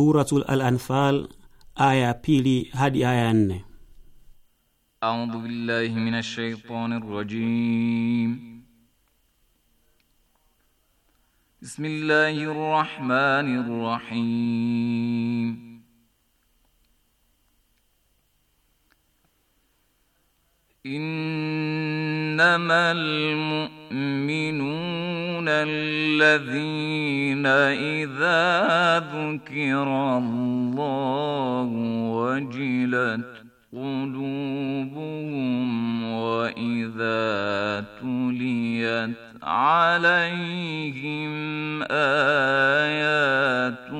Suratul Al-Anfal aya ya pili hadi aya nne. A'udhu billahi minash rajim. Bismillahir rahmanir rahim. إنما المؤمنون الذين إذا ذكر الله وجلت قلوبهم وإذا تليت عليهم آياته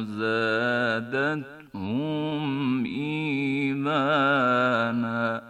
زادتهم إيمانا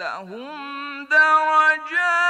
lahum darajat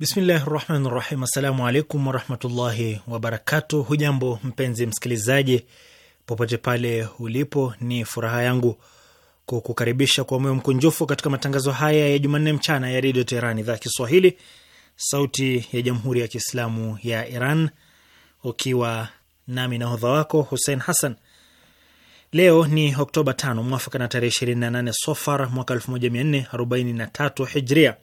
Bismillahi rahmani rahim. Assalamu alaikum warahmatullahi wabarakatu Hujambo mpenzi msikilizaji, popote pale ulipo, ni furaha yangu kukukaribisha kwa moyo mkunjufu katika matangazo haya ya Jumanne mchana ya redio Teheran, idhaa ya Kiswahili, sauti ya jamhuri ya kiislamu ya Iran, ukiwa nami nahodha wako Hussein Hassan. Leo ni Oktoba 5 mwafaka na tarehe 28 Sofar mwaka 1443 Hijria.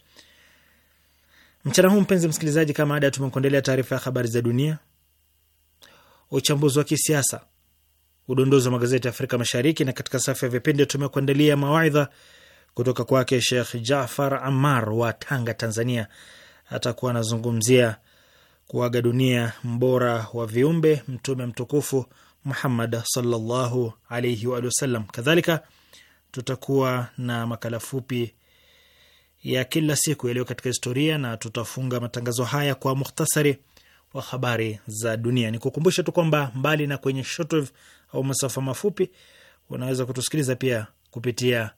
Mchana huu mpenzi msikilizaji, kama ada, tumekuandalia taarifa ya habari za dunia, uchambuzi wa kisiasa, udondozi wa magazeti ya Afrika Mashariki, na katika safu ya vipindi tumekuandalia mawaidha kutoka kwake shekh Jafar Amar wa Tanga, Tanzania. Atakuwa anazungumzia kuaga dunia mbora wa viumbe, Mtume mtukufu Muhammad sallallahu alaihi wasallam. Kadhalika tutakuwa na makala fupi ya kila siku yaliyo katika historia, na tutafunga matangazo haya kwa muhtasari wa habari za dunia. Ni kukumbusha tu kwamba mbali na kwenye shortwave au masafa mafupi, unaweza kutusikiliza pia kupitia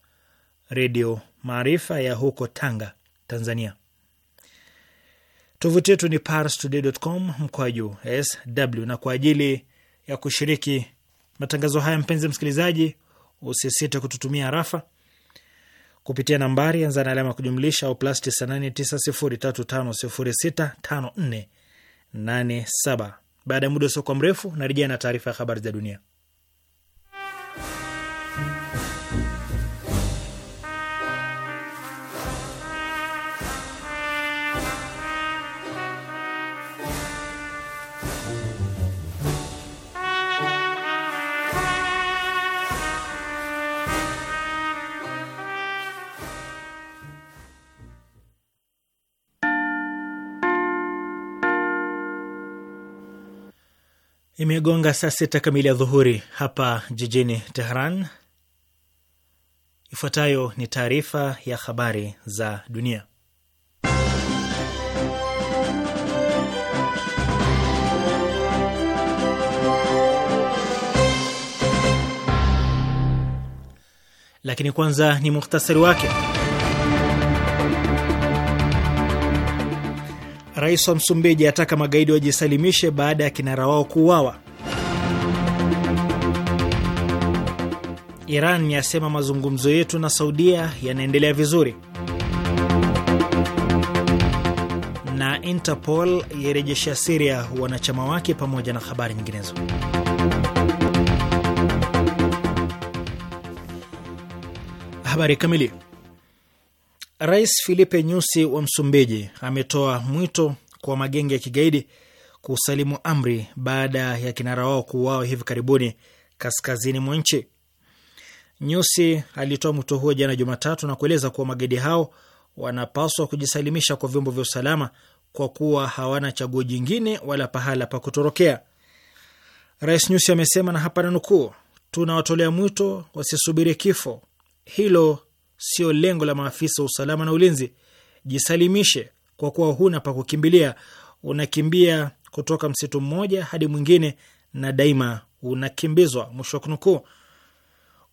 Redio Maarifa ya huko Tanga, Tanzania. Tovuti yetu ni parstoday.com mkwaju sw. Na kwa ajili ya kushiriki matangazo haya, mpenzi msikilizaji, usisite kututumia rafa kupitia nambari anza na alama ya kujumlisha au plus 989035065487. Baada ya muda usiokuwa mrefu, narejea na taarifa ya habari za dunia. Imegonga saa sita kamili ya dhuhuri hapa jijini Tehran. Ifuatayo ni taarifa ya habari za dunia, lakini kwanza ni muhtasari wake. Rais wa Msumbiji ataka magaidi wajisalimishe baada ya kinara wao kuuawa. Iran yasema mazungumzo yetu na Saudia yanaendelea vizuri. Na Interpol yairejeshea Siria wanachama wake, pamoja na habari nyinginezo. Habari kamili Rais Filipe Nyusi wa Msumbiji ametoa mwito kwa magenge ya kigaidi kusalimu amri baada ya kinara wao kuuawa hivi karibuni kaskazini mwa nchi. Nyusi alitoa mwito huo jana Jumatatu na kueleza kuwa magaidi hao wanapaswa kujisalimisha kwa vyombo vya usalama kwa kuwa hawana chaguo jingine wala pahala pa kutorokea. Rais Nyusi amesema, na hapa nanukuu, tunawatolea mwito wasisubiri kifo, hilo sio lengo la maafisa wa usalama na ulinzi. Jisalimishe kwa kuwa huna pa kukimbilia, unakimbia kutoka msitu mmoja hadi mwingine na daima unakimbizwa. Mwisho wa kunukuu.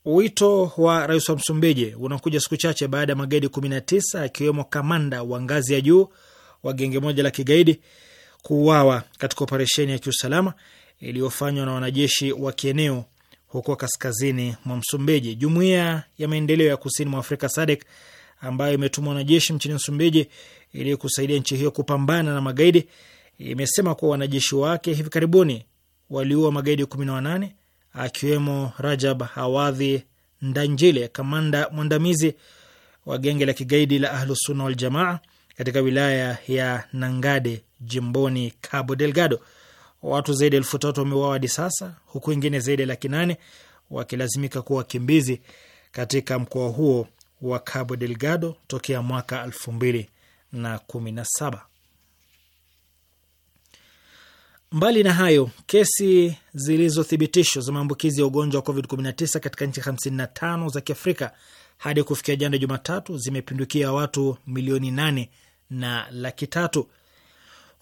Wito wa rais wa Msumbiji unakuja siku chache baada ya magaidi 19 akiwemo kamanda wa ngazi ya juu wa genge moja la kigaidi kuuawa katika operesheni ya kiusalama iliyofanywa na wanajeshi wa kieneo huko kaskazini mwa Msumbiji. Jumuiya ya maendeleo ya kusini mwa Afrika SADC ambayo imetumwa wanajeshi nchini Msumbiji ili kusaidia nchi hiyo kupambana na magaidi imesema kuwa wanajeshi wake hivi karibuni waliua magaidi kumi na wanane akiwemo Rajab Hawadhi Ndanjile, kamanda mwandamizi wa genge la kigaidi la Ahlusunna Waljamaa katika wilaya ya Nangade, jimboni Cabo Delgado watu zaidi ya elfu tatu wameuawa hadi sasa, huku wengine zaidi ya laki nane wakilazimika kuwa wakimbizi katika mkoa huo wa Cabo Delgado tokea mwaka elfu mbili na kumi na saba. Mbali na hayo, kesi zilizothibitishwa za maambukizi ya ugonjwa wa COVID-19 katika nchi 55 za Kiafrika hadi kufikia jana Jumatatu zimepindukia watu milioni nane na laki tatu.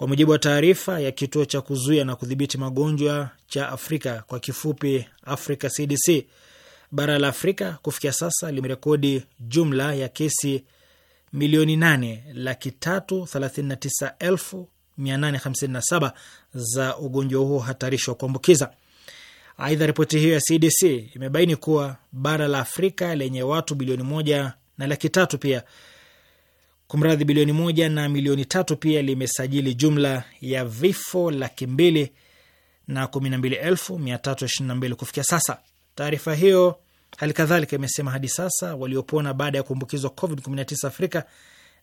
Kwa mujibu wa taarifa ya kituo cha kuzuia na kudhibiti magonjwa cha Afrika kwa kifupi Africa CDC, bara la Afrika kufikia sasa limerekodi jumla ya kesi milioni nane laki tatu thelathini na tisa elfu mia nane hamsini na saba za ugonjwa huo hatarishi wa kuambukiza. Aidha, ripoti hiyo ya CDC imebaini kuwa bara la Afrika lenye watu bilioni moja na laki tatu pia kumradhi, bilioni moja na milioni tatu. Pia limesajili jumla ya vifo laki mbili na kumi na mbili elfu mia tatu ishirini na mbili kufikia sasa. Taarifa hiyo hali kadhalika imesema hadi sasa waliopona baada ya kuambukizwa COVID-19 Afrika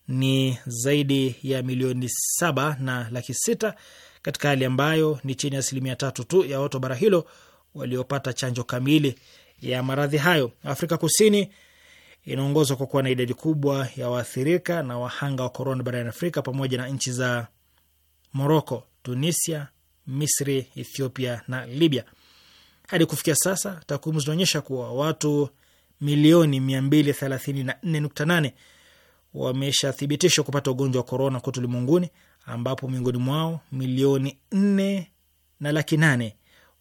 ni zaidi ya milioni saba na laki sita katika hali ambayo ni chini ya asilimia tatu tu ya watu wa bara hilo waliopata chanjo kamili ya maradhi hayo. Afrika Kusini inaongozwa kwa kuwa na idadi kubwa ya waathirika na wahanga wa korona barani Afrika pamoja na nchi za Moroko, Tunisia, Misri, Ethiopia na Libya. Hadi kufikia sasa, takwimu zinaonyesha kuwa watu milioni 234.8 wameshathibitishwa kupata ugonjwa wa korona kote ulimwenguni, ambapo miongoni mwao milioni 4 na laki 8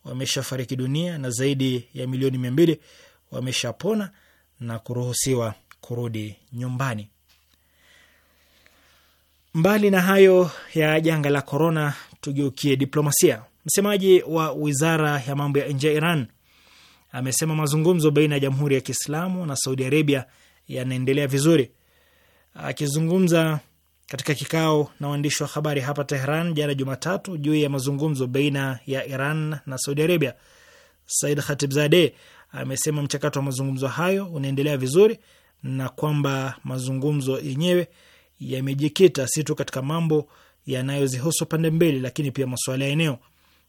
wameshafariki dunia na zaidi ya milioni 200 wameshapona na kuruhusiwa kurudi nyumbani. Mbali na hayo ya janga la korona, tugeukie diplomasia. Msemaji wa wizara ya mambo ya nje ya Iran amesema mazungumzo baina ya Jamhuri ya Kiislamu na Saudi Arabia yanaendelea vizuri. Akizungumza katika kikao na waandishi wa habari hapa Tehran jana Jumatatu juu ya mazungumzo baina ya Iran na Saudi Arabia, Said Khatibzadeh amesema mchakato wa mazungumzo hayo unaendelea vizuri na kwamba mazungumzo yenyewe yamejikita si tu katika mambo yanayozihusu pande mbili, lakini pia masuala ya eneo.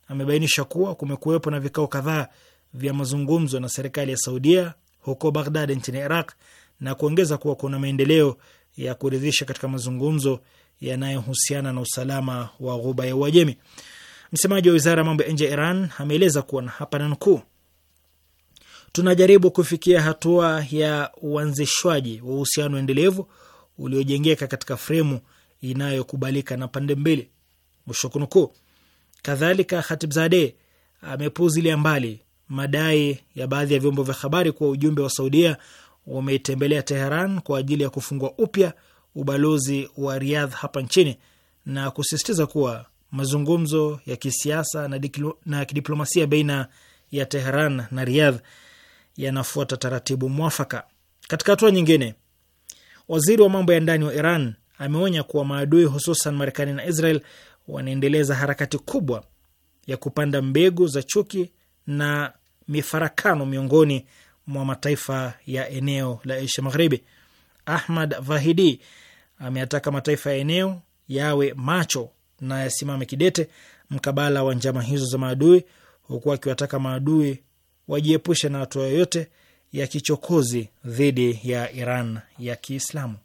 Amebainisha kuwa kumekuwepo na vikao kadhaa vya mazungumzo na serikali ya Saudia huko Baghdad nchini Iraq na kuongeza kuwa kuna maendeleo ya kuridhisha katika mazungumzo yanayohusiana na usalama wa Ghuba ya Uajemi. Msemaji wa wizara ya mambo ya nje ya Iran ameeleza kuwa na hapa nanukuu tunajaribu kufikia hatua ya uanzishwaji wa uhusiano endelevu uliojengeka katika fremu inayokubalika na pande mbili, mwisho kunukuu. Kadhalika, Khatibzadeh amepuzilia mbali madai ya baadhi ya vyombo vya habari kuwa ujumbe wa Saudia umeitembelea Teheran kwa ajili ya kufungua upya ubalozi wa Riyadh hapa nchini na kusisitiza kuwa mazungumzo ya kisiasa na, na kidiplomasia baina ya Teheran na Riyadh yanafuata taratibu mwafaka. Katika hatua nyingine, waziri wa mambo ya ndani wa Iran ameonya kuwa maadui hususan Marekani na Israel wanaendeleza harakati kubwa ya kupanda mbegu za chuki na mifarakano miongoni mwa mataifa ya eneo la Asia Magharibi. Ahmad Vahidi ameataka mataifa ya eneo yawe macho na yasimame kidete mkabala wa njama hizo za maadui, huku akiwataka maadui wajiepushe na hatua yoyote ya kichokozi dhidi ya Iran ya Kiislamu.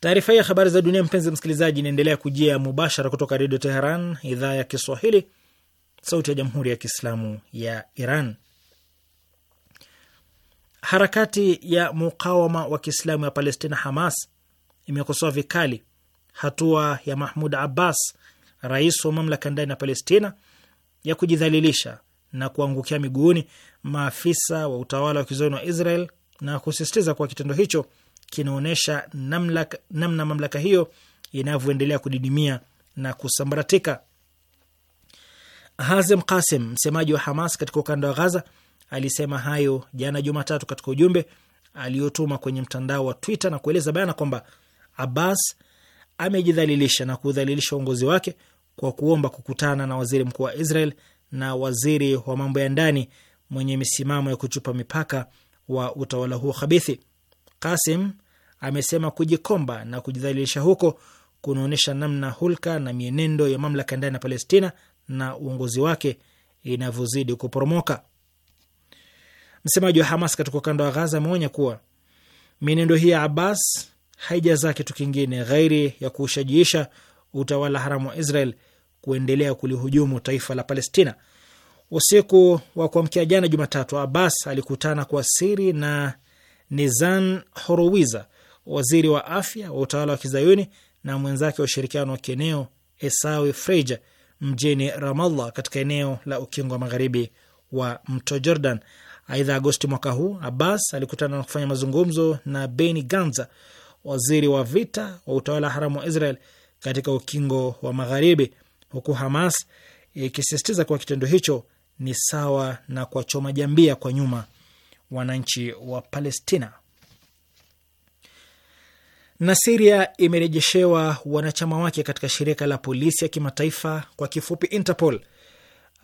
Taarifa hii ya habari za dunia, mpenzi msikilizaji, inaendelea kujia mubashara kutoka Redio Teheran, idhaa ya Kiswahili, sauti ya Jamhuri ya Kiislamu ya Iran. Harakati ya mukawama wa Kiislamu ya Palestina, Hamas, imekosoa vikali hatua ya Mahmud Abbas, rais wa mamlaka ndani ya Palestina, ya kujidhalilisha na kuangukia miguuni maafisa wa utawala wa kizoni wa Israel na kusisitiza kuwa kitendo hicho kinaonyesha namna mamlaka hiyo inavyoendelea kudidimia na kusambaratika. Hazem Kasim, msemaji wa Hamas katika ukanda wa Ghaza, alisema hayo jana Jumatatu katika ujumbe aliotuma kwenye mtandao wa Twitter na kueleza bayana kwamba Abbas amejidhalilisha na kudhalilisha uongozi wake kwa kuomba kukutana na waziri mkuu wa Israel na waziri wa mambo ya ndani mwenye misimamo ya kuchupa mipaka wa utawala huo khabithi. Kasim amesema kujikomba na kujidhalilisha huko kunaonyesha namna hulka na mienendo ya mamlaka ndani ya Palestina na uongozi wake inavyozidi kuporomoka. Msemaji wa Hamas katika ukanda wa Ghaza ameonya kuwa mienendo hii ya Abbas haijazaa kitu kingine ghairi ya kuushajiisha utawala haramu wa Israel kuendelea kulihujumu taifa la Palestina. Usiku wa kuamkia jana Jumatatu, Abbas alikutana kwa siri na Nizan Horowiza, waziri wa afya wa utawala wa kizayuni na mwenzake wa ushirikiano wa kieneo Esawi Freja mjini Ramallah katika eneo la ukingo wa magharibi wa mto Jordan. Aidha, Agosti mwaka huu Abbas alikutana na kufanya mazungumzo na Beni Ganza, waziri wa vita wa utawala haramu wa Israel katika ukingo wa magharibi huku Hamas ikisisitiza kuwa kitendo hicho ni sawa na kuwachoma jambia kwa nyuma wananchi wa Palestina. Na Siria imerejeshewa wanachama wake katika shirika la polisi ya kimataifa kwa kifupi Interpol.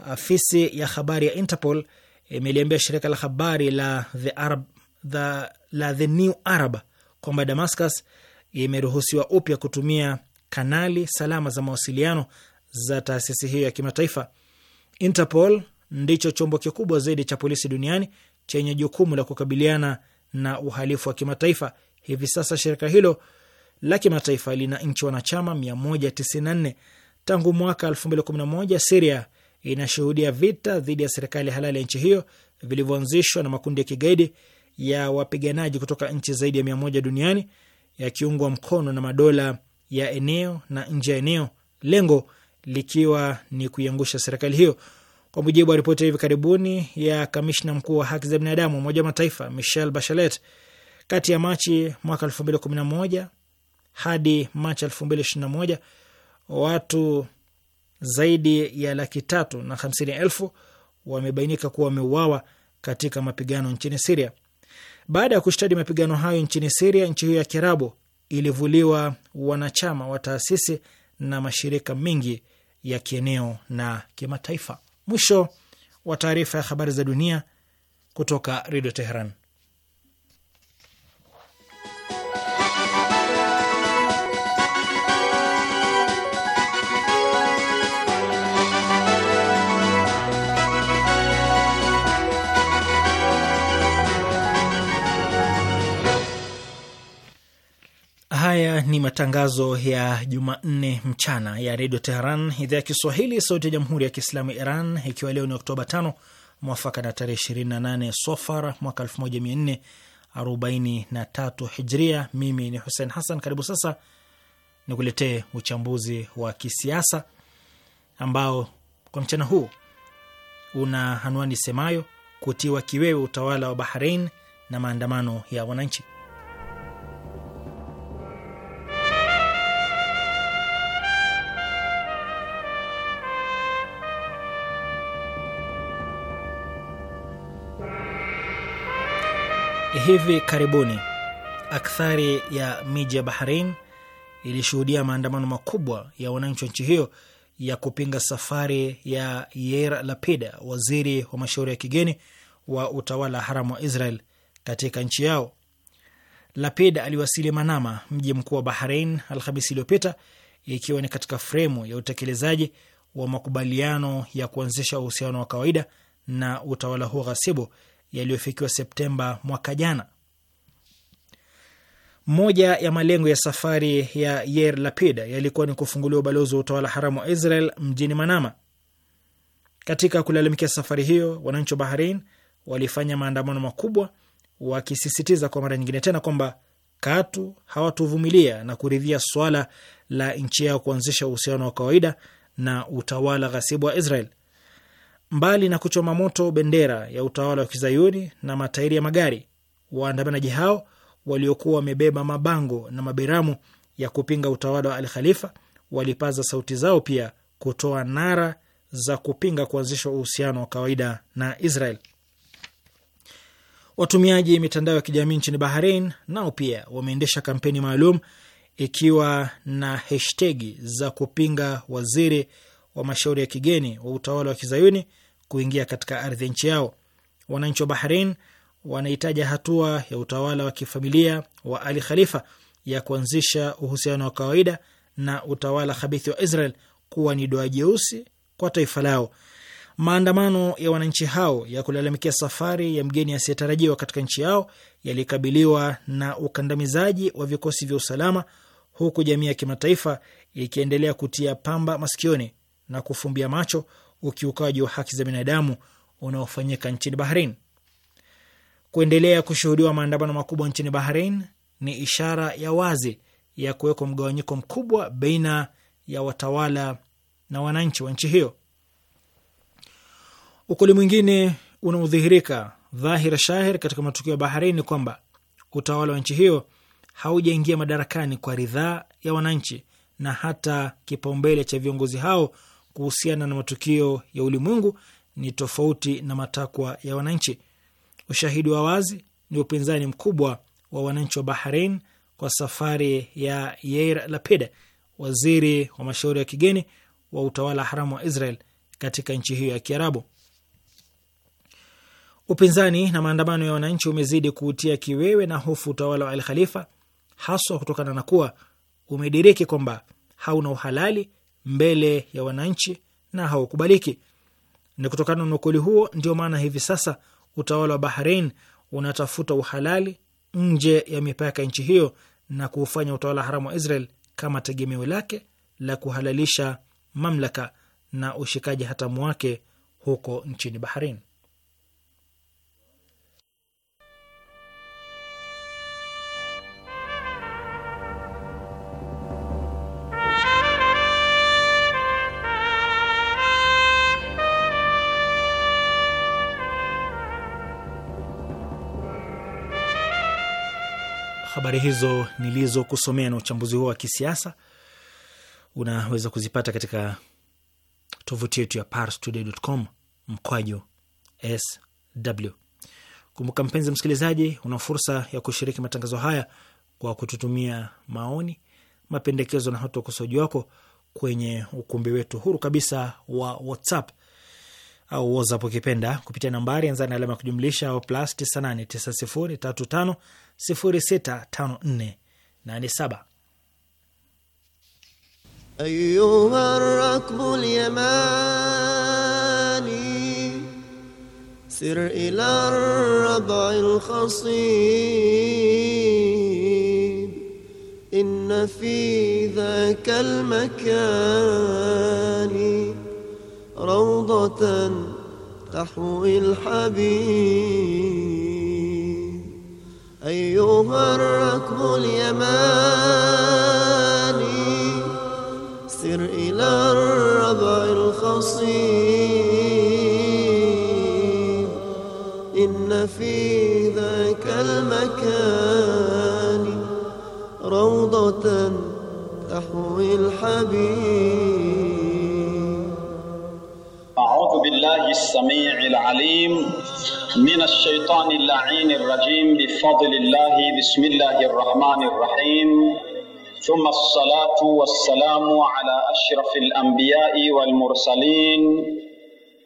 Afisi ya habari ya Interpol imeliambia shirika la habari la The Arab, the, la The New Arab kwamba Damascus imeruhusiwa upya kutumia kanali salama za mawasiliano za taasisi hiyo ya kimataifa. Interpol ndicho chombo kikubwa zaidi cha polisi duniani chenye jukumu la kukabiliana na uhalifu wa kimataifa. Hivi sasa shirika hilo la kimataifa lina nchi wanachama 194. Tangu mwaka 2011 Siria inashuhudia vita dhidi ya serikali halali ya nchi hiyo vilivyoanzishwa na makundi ya kigaidi ya wapiganaji kutoka nchi zaidi ya 100 duniani yakiungwa mkono na madola ya eneo na nje ya eneo, lengo likiwa ni kuiangusha serikali hiyo. Kwa mujibu wa ripoti ya hivi karibuni ya kamishna mkuu wa haki za binadamu Umoja wa Mataifa Michelle Bachelet, kati ya Machi mwaka 2011 hadi Machi 2021 watu zaidi ya laki tatu na hamsini elfu wamebainika kuwa wameuawa katika mapigano nchini Siria. Baada ya kushtadi mapigano hayo nchini Siria, nchi hiyo ya Kiarabu ilivuliwa wanachama wa taasisi na mashirika mengi ya kieneo na kimataifa. Mwisho wa taarifa ya habari za dunia kutoka Redio Teheran. matangazo ya Jumanne mchana ya redio Teheran, idhaa ya Kiswahili, sauti ya jamhuri ya kiislamu ya Iran, ikiwa leo ni Oktoba 5 mwafaka na tarehe 28 Sofar mwaka 1443 Hijria. Mimi ni Hussein Hassan. Karibu sasa ni kuletee uchambuzi wa kisiasa ambao kwa mchana huu una anwani semayo kutiwa kiwewe utawala wa bahrein na maandamano ya wananchi. Hivi karibuni akthari ya miji ya Bahrain ilishuhudia maandamano makubwa ya wananchi wa nchi hiyo ya kupinga safari ya Yair Lapid, waziri wa mashauri ya kigeni wa utawala haramu wa Israel katika nchi yao. Lapid aliwasili Manama, mji mkuu wa Bahrain, Alhamisi iliyopita, ikiwa ni katika fremu ya utekelezaji wa makubaliano ya kuanzisha uhusiano wa kawaida na utawala huo ghasibu yaliyofikiwa Septemba mwaka jana. Moja ya malengo ya safari ya Yair Lapid yalikuwa ni kufunguliwa ubalozi wa utawala haramu wa Israel mjini Manama. Katika kulalamikia safari hiyo, wananchi wa Bahrain walifanya maandamano makubwa, wakisisitiza kwa mara nyingine tena kwamba katu hawatuvumilia na kuridhia swala la nchi yao kuanzisha uhusiano wa kawaida na utawala ghasibu wa Israel. Mbali na kuchoma moto bendera ya utawala wa kizayuni na matairi ya magari, waandamanaji hao waliokuwa wamebeba mabango na mabiramu ya kupinga utawala wa Al Khalifa walipaza sauti zao pia kutoa nara za kupinga kuanzishwa uhusiano wa kawaida na Israel. Watumiaji mitandao ya kijamii nchini Bahrain nao pia wameendesha kampeni maalum ikiwa na hashtegi za kupinga waziri wa mashauri ya kigeni wa utawala wa kizayuni kuingia katika ardhi ya nchi yao. Wananchi wa Bahrain wanahitaja hatua ya utawala wa kifamilia wa Ali Khalifa ya kuanzisha uhusiano wa kawaida na utawala khabithi wa Israel kuwa ni doa jeusi kwa taifa lao. Maandamano ya wananchi hao ya kulalamikia safari ya mgeni asiyetarajiwa katika nchi yao yalikabiliwa na ukandamizaji wa vikosi vya usalama, huku jamii ya kimataifa ikiendelea kutia pamba masikioni na kufumbia macho ukiukaji wa haki za binadamu unaofanyika nchini Bahrain. Kuendelea kushuhudiwa maandamano makubwa nchini Bahrain ni ishara ya wazi ya kuwekwa mgawanyiko mkubwa baina ya watawala na wananchi wa nchi hiyo. Ukweli mwingine unaodhihirika dhahira shahir katika matukio ya Bahrain ni kwamba utawala wa nchi hiyo haujaingia madarakani kwa ridhaa ya wananchi, na hata kipaumbele cha viongozi hao kuhusiana na matukio ya ulimwengu ni tofauti na matakwa ya wananchi. Ushahidi wa wazi ni upinzani mkubwa wa wananchi wa Bahrain kwa safari ya Yair Lapid, waziri wa mashauri ya kigeni wa utawala haramu wa Israel katika nchi hiyo ya Kiarabu. Upinzani na maandamano ya wananchi umezidi kuutia kiwewe na hofu utawala wa Al Khalifa, haswa kutokana na kuwa umediriki kwamba hauna uhalali mbele ya wananchi na haukubaliki. Ni kutokana na ukweli huo ndio maana hivi sasa utawala wa Bahrain unatafuta uhalali nje ya mipaka ya nchi hiyo na kuufanya utawala haramu wa Israel kama tegemeo lake la kuhalalisha mamlaka na ushikaji hatamu wake huko nchini Bahrain. Habari hizo nilizokusomea na uchambuzi huo wa kisiasa unaweza kuzipata katika tovuti yetu ya parstoday.com mkwaju sw. Kumbuka mpenzi msikilizaji, una fursa ya kushiriki matangazo haya kwa kututumia maoni, mapendekezo na hata ukosoaji wako kwenye ukumbi wetu huru kabisa wa WhatsApp au WhatsApp ukipenda, kupitia nambari anza na alama ya kujumlisha au plus 989035 065487. أيها الركب اليماني سر إلى الربع الخصيب إن في ذاك المكان روضة تحوي الحبيب أيها الركب اليماني سر إلى الربع الخصيب إن في ذاك المكان روضة تحوي الحبيب أعوذ بالله السميع العليم من الشيطان اللعين الرجيم بفضل الله بسم الله الرحمن الرحيم ثم الصلاة والسلام على أشرف الأنبياء والمرسلين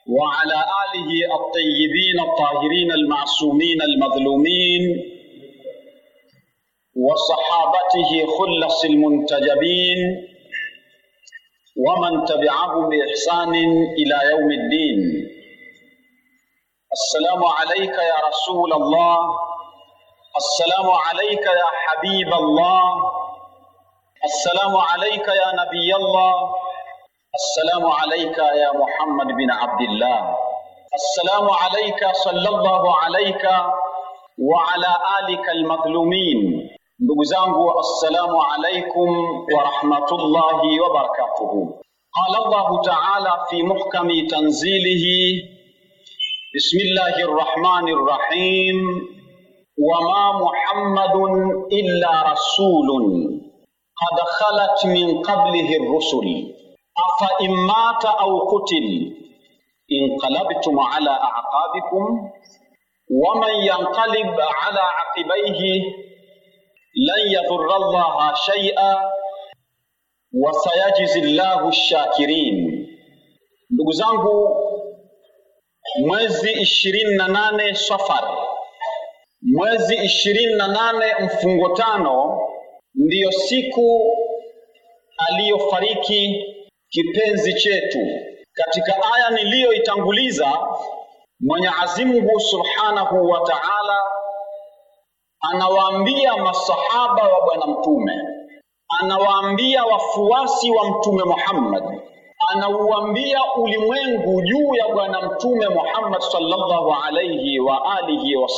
وعلى آله الطيبين الطاهرين المعصومين المظلومين وصحابته خلص المنتجبين ومن تبعهم بإحسان إلى يوم الدين السلام عليك يا رسول الله السلام عليك يا حبيب الله السلام عليك يا نبي الله السلام عليك يا محمد بن عبد الله السلام عليك صلى الله عليك وعلى آلك المظلومين ndugu السلام عليكم ورحمة الله وبركاته قال الله تعالى في محكم تنزيله بسم الله الرحمن الرحيم وما محمد إلا رسول قد خلت من قبله الرسل أفإن مات أو قتل انقلبتم على أعقابكم ومن ينقلب على عقبيه لن يضر الله شيئا وسيجزي الله الشاكرين ndugu zangu mwezi ishirini na nane Safar, mwezi ishirini na nane mfungo tano ndiyo siku aliyofariki kipenzi chetu. Katika aya niliyoitanguliza, Mwenyezi Mungu Subhanahu wa Ta'ala anawaambia masahaba wa Bwana Mtume, anawaambia wafuasi wa Mtume Muhammad anauambia ulimwengu juu ya Bwana Mtume Muhammad sallallahu alayhi wa alihi wa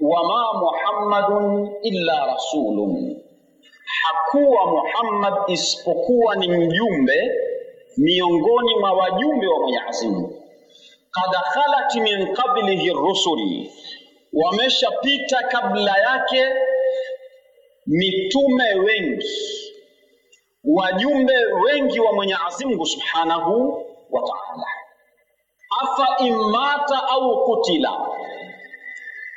wama Muhammadun illa rasulun, hakuwa Muhammad isipokuwa ni mjumbe miongoni mwa wajumbe wa Mwenyezi Mungu. Qad khalat min qablihi rusul, wameshapita kabla yake mitume wengi wajumbe wengi wa Mwenyezi Mungu Subhanahu wa Ta'ala. Afa imata au kutila,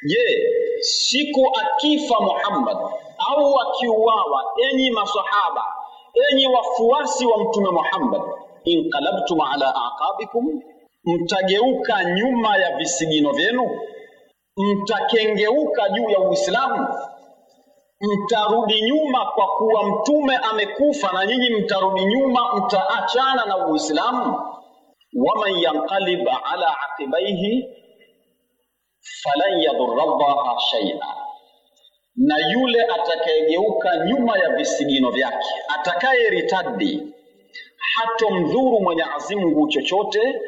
je, siku akifa Muhammad au akiuawa, enyi masahaba, enyi wafuasi wa Mtume Muhammad, inqalabtum ala aqabikum, mtageuka nyuma ya visigino vyenu, mtakengeuka juu ya Uislamu mtarudi nyuma kwa kuwa mtume amekufa na nyinyi mtarudi nyuma, mtaachana na Uislamu. waman yanqalib ala aqibaihi falan yadhurra llaha shay'a, na yule atakayegeuka nyuma ya visigino vyake, atakaye ritadi hatomdhuru Mwenyezi Mungu chochote.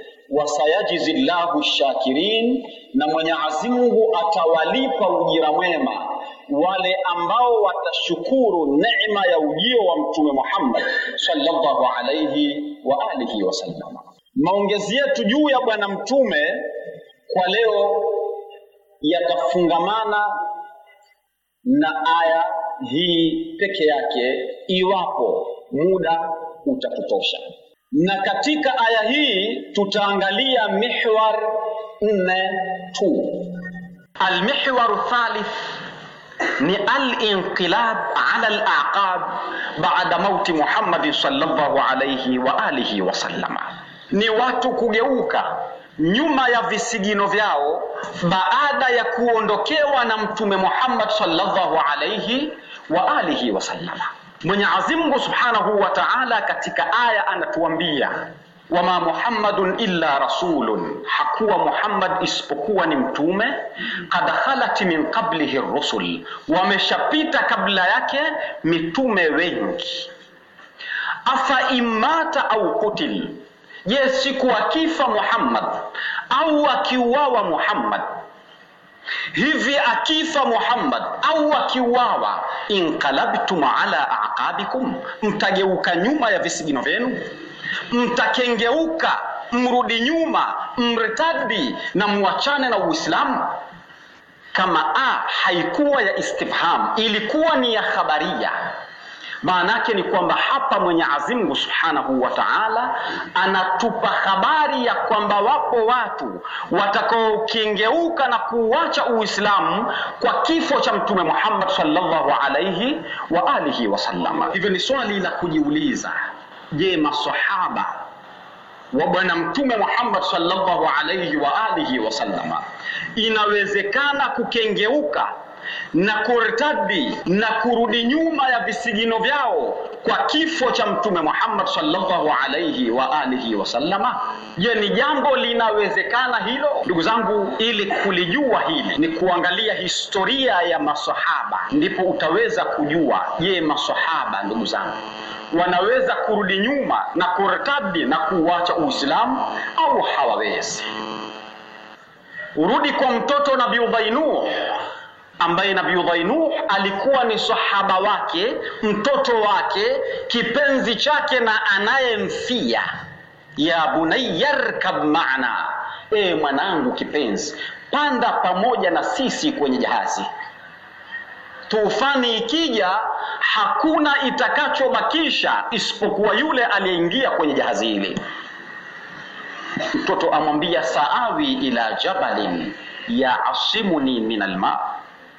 sayajizi llahu shakirin, na Mwenyezi Mungu atawalipa ujira mwema wale ambao watashukuru neema ya ujio wa Mtume Muhammad sallallahu alayhi wa alihi wasallam. Maongezi yetu juu ya Bwana Mtume kwa leo yatafungamana na aya hii peke yake, iwapo muda utatutosha. Na katika aya hii tutaangalia mihwar nne tu. Almihwaru thalith ni al-inqilab ala al-aqab baada mauti Muhammad sallallahu alayhi wa alihi wa sallama, ni watu kugeuka nyuma ya visigino vyao baada ya kuondokewa na Mtume Muhammad sallallahu alayhi wa alihi wa sallama. Mwenye azimu subhanahu wa ta'ala katika aya anatuambia wama muhammadun illa rasulun, hakuwa Muhammad isipokuwa ni mtume. Kad khalat min qablihi rusul, wameshapita kabla yake mitume wengi. Afa imata au kutil, je, siku akifa Muhammad au akiuawa Muhammad hivi akifa Muhammad au akiuawa, inqalabtum ala aqabikum, mtageuka nyuma ya visigino vyenu mtakengeuka, mrudi nyuma, mretadbi na mwachane na Uislamu? Kama a haikuwa ya istifham, ilikuwa ni ya khabaria Maanake ni kwamba hapa mwenye azimu Subhanahu wa Ta'ala anatupa habari ya kwamba wapo watu watakaokengeuka na kuuacha Uislamu kwa kifo cha Mtume Muhammad sallallahu alayhi wa alihi wasallam. Hivyo ni swali la kujiuliza je masahaba wa bwana mtume Muhammad sallallahu alayhi wa alihi wasallama inawezekana kukengeuka na kurtadi na kurudi nyuma ya visigino vyao kwa kifo cha Mtume Muhammad sallallahu alayhi wa alihi wasallama. Je, ni jambo linawezekana hilo? Ndugu zangu, ili kulijua hili ni kuangalia historia ya masahaba, ndipo utaweza kujua. Je, masahaba ndugu zangu wanaweza kurudi nyuma na kurtadi na kuuacha Uislamu au hawawezi? Urudi kwa mtoto Nabii Nuh ambaye Nabii nuh alikuwa ni sahaba wake, mtoto wake, kipenzi chake na anayemfia. Ya bunayya rkab maana, e, mwanangu kipenzi, panda pamoja na sisi kwenye jahazi. Tufani ikija hakuna itakachobakisha isipokuwa yule aliyeingia kwenye jahazi hili. Mtoto amwambia saawi ila jabalin ya asimuni min alma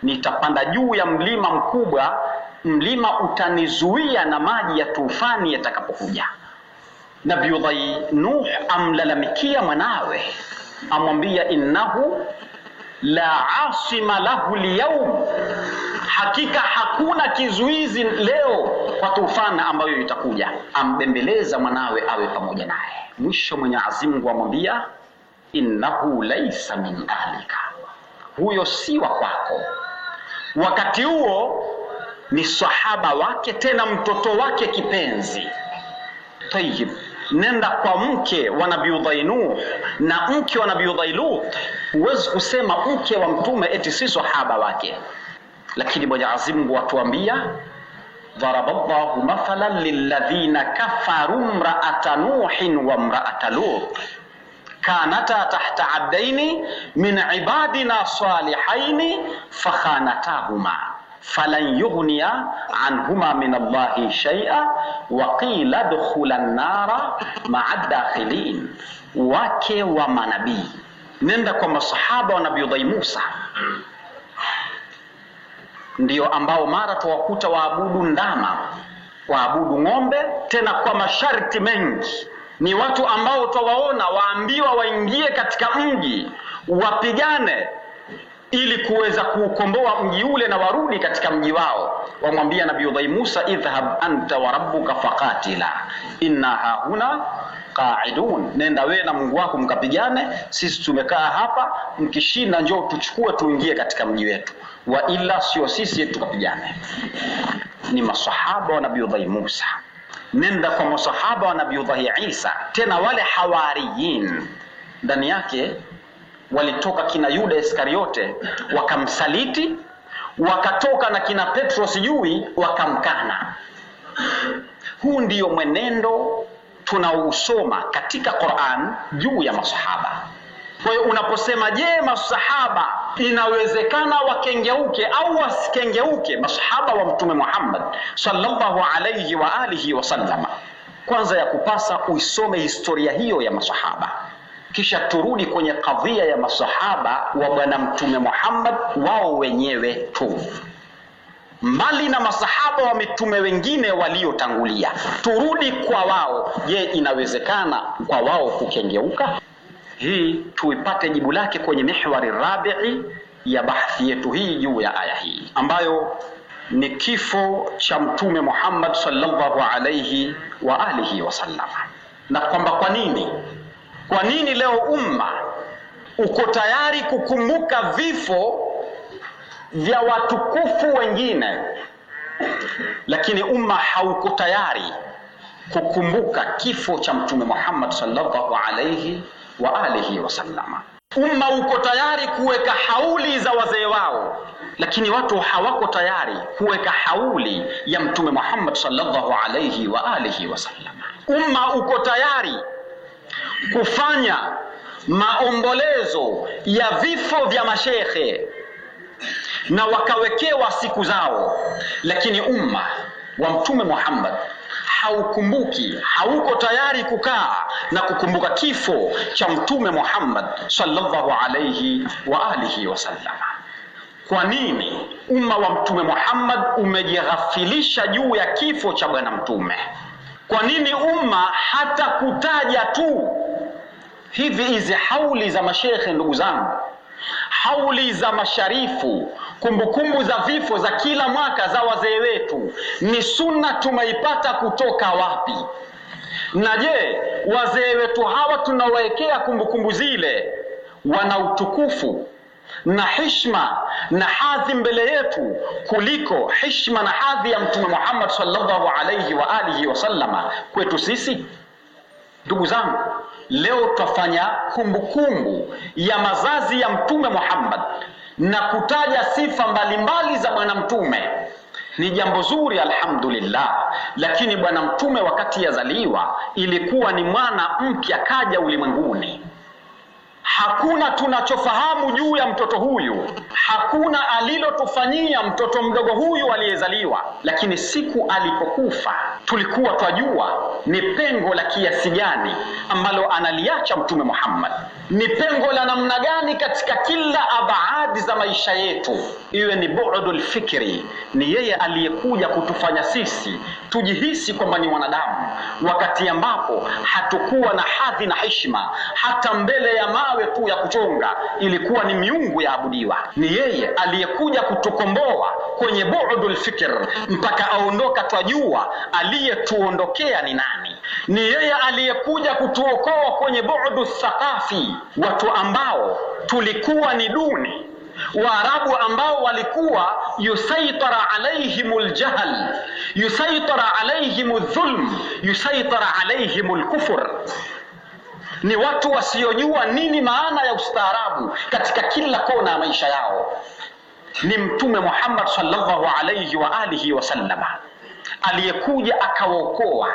nitapanda juu ya mlima mkubwa, mlima utanizuia na maji ya tufani yatakapokuja. Nabiyullahi Nuh amlalamikia mwanawe, amwambia innahu la asima lahu lyaum, hakika hakuna kizuizi leo kwa tufana ambayo itakuja. Ambembeleza mwanawe awe pamoja naye. Mwisho mwenye azimgu amwambia innahu laisa min ahlika, huyo si wa kwako wakati huo ni sahaba wake tena mtoto wake kipenzi. Tayib, nenda kwa mke wa Nabii udhainu na mke wa Nabii Dhailut, huwezi kusema mke wa mtume eti si sahaba wake. Lakini Mwenyezi watuambia daraba llahu mathalan liladhina kafaru mraata nuhin wa mraata lut kanata tahta abdaini min ibadina salihaini fakhanatahuma falan yughniya anhuma min Allahi shay'a wa qila dkhula nara ma'a dakhilin, wake wa manabii. Nenda kwa masahaba wa Nabii Musa, ndio ambao mara tuwakuta waabudu ndama, waabudu ng'ombe, tena kwa masharti mengi ni watu ambao utawaona waambiwa waingie katika mji wapigane ili kuweza kuukomboa mji ule na warudi katika mji wao. Wamwambia Udhai Musa, idhhab anta wa rabbuka faqatila inna hahuna qaidun, nenda wewe na Mungu wako mkapigane, sisi tumekaa hapa, mkishinda njoo tuchukue tuingie katika mji wetu, wa ila sio sisi tukapigane. Ni masahaba wa Udhai Musa nenda kwa masahaba wa nabiullahi Isa, tena wale hawariyin ndani yake walitoka kina Yuda Iskariote wakamsaliti, wakatoka na kina Petro sijui wakamkana. Huu ndiyo mwenendo tunaousoma katika Qur'an juu ya masahaba. Kwa hiyo unaposema je, masahaba Inawezekana wakengeuke au wasikengeuke masahaba wa Mtume Muhammad sallallahu alayhi wa alihi wasallam. Kwanza ya kupasa uisome historia hiyo ya masahaba, kisha turudi kwenye kadhia ya masahaba wa Bwana Mtume Muhammad wao wenyewe tu, mbali na masahaba wa mitume wengine waliotangulia. Turudi kwa wao. Je, inawezekana kwa wao kukengeuka? hii tuipate jibu lake kwenye mihwari rabii ya bahthi yetu hii juu ya aya hii ambayo ni kifo cha Mtume Muhammad sallallahu alayhi wa alihi wasallam, na kwamba kwa nini, kwa nini leo umma uko tayari kukumbuka vifo vya watukufu wengine, lakini umma hauko tayari kukumbuka kifo cha Mtume Muhammad sallallahu alayhi wa alihi wasallama. Umma uko tayari kuweka hauli za wazee wao, lakini watu hawako tayari kuweka hauli ya Mtume Muhammad sallallahu alayhi wa alihi wasallama. Umma uko tayari kufanya maombolezo ya vifo vya mashekhe na wakawekewa siku zao, lakini umma wa Mtume Muhammad haukumbuki, hauko tayari kukaa na kukumbuka kifo cha Mtume Muhammad sallallahu alayhi wa alihi wasallam. Kwa nini umma wa Mtume Muhammad umejighafilisha juu ya kifo cha bwana Mtume? Kwa nini umma hata kutaja tu hivi? Hizi hauli za mashekhe, ndugu zangu hauli za masharifu, kumbukumbu za vifo za kila mwaka za wazee wetu, ni sunna tumeipata kutoka wapi? Na je, wazee wetu hawa tunawawekea kumbukumbu zile, wana utukufu na hishma na hadhi mbele yetu kuliko hishma na hadhi ya Mtume Muhammad sallallahu alayhi wa alihi wasallama kwetu sisi? Ndugu zangu Leo tutafanya kumbukumbu ya mazazi ya Mtume Muhammad na kutaja sifa mbalimbali za Bwana Mtume. Ni jambo zuri, alhamdulillah. Lakini Bwana Mtume wakati yazaliwa, ilikuwa ni mwana mpya kaja ulimwenguni Hakuna tunachofahamu juu ya mtoto huyu, hakuna alilotufanyia mtoto mdogo huyu aliyezaliwa. Lakini siku alipokufa, tulikuwa twajua ni pengo la kiasi gani ambalo analiacha Mtume Muhammad ni pengo la namna gani katika kila abaadi za maisha yetu, iwe ni bu'dul fikri, ni yeye aliyekuja kutufanya sisi tujihisi kwamba ni wanadamu, wakati ambapo hatukuwa na hadhi na heshima, hata mbele ya mawe tu ya kuchonga ilikuwa ni miungu ya abudiwa Ni yeye aliyekuja kutukomboa kwenye bu'dul fikr, mpaka aondoka twajua aliyetuondokea ni nani ni yeye aliyekuja kutuokoa kwenye bu'du thaqafi, watu ambao tulikuwa ni duni Waarabu ambao walikuwa yusaitara alaihim ljahl, yusaitara alaihim ldhulm, yusaitara alaihim lkufr Ni watu wasiojua nini maana ya ustaarabu katika kila kona ya maisha yao. Ni Mtume Muhammad sallallahu alaihi wa alihi wasallama aliyekuja akawaokoa